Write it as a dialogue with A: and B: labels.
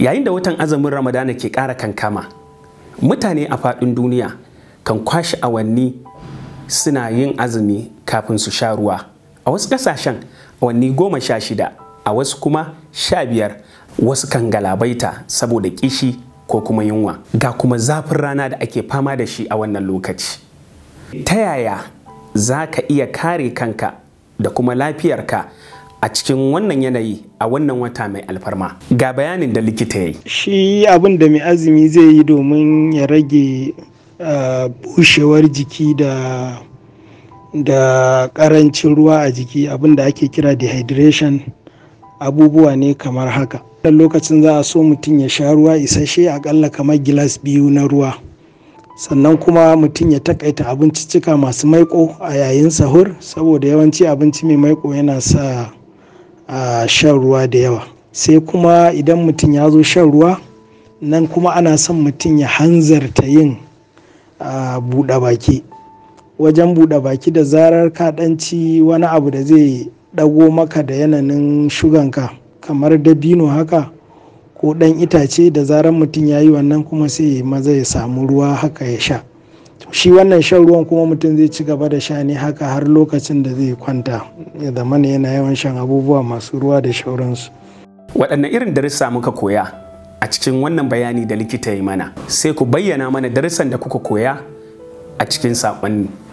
A: yayin da watan azumin ramadana ke ƙara kankama mutane a faɗin duniya kan kwashe awanni suna yin azumi kafin su sha ruwa a wasu ƙasashen awanni goma sha shida a wasu kuma sha biyar wasu kan galabaita saboda ƙishi ko kuma yunwa ga kuma zafin rana da ake fama da shi a wannan lokaci ta yaya za ka iya kare kanka da kuma lafiyarka a cikin wannan yanayi a wannan wata mai alfarma ga bayanin da likita ya yi
B: shi abin da mai azumi zai yi domin ya rage bushewar jiki da da karancin ruwa a jiki abin da ake kira dehydration abubuwa ne kamar haka dan lokacin za a so mutum ya sha ruwa isasshe akalla kamar gilas biyu na ruwa sannan kuma mutum ya takaita abinciccika masu maiko a yayin sahur saboda yawanci abinci mai maiko yana sa a shan ruwa da yawa sai kuma idan mutum ya zo shan ruwa nan kuma ana son mutum ya hanzarta yin buɗe baki wajen buɗe baki da zarar ka ɗanci wani abu da zai ɗago maka da yananin ka kamar dabino haka ko ɗan itace da zarar mutum ya yi wannan kuma sai maza ya samu ruwa haka ya sha shi wannan shan ruwan kuma mutum zai ci gaba da sha ne haka har lokacin da zai kwanta ya zama yana yawan shan abubuwa masu ruwa da shauransu
A: waɗanne irin darussa muka koya a cikin wannan bayani da likita ya mana sai ku bayyana mana darussan da kuka koya a cikin saƙonni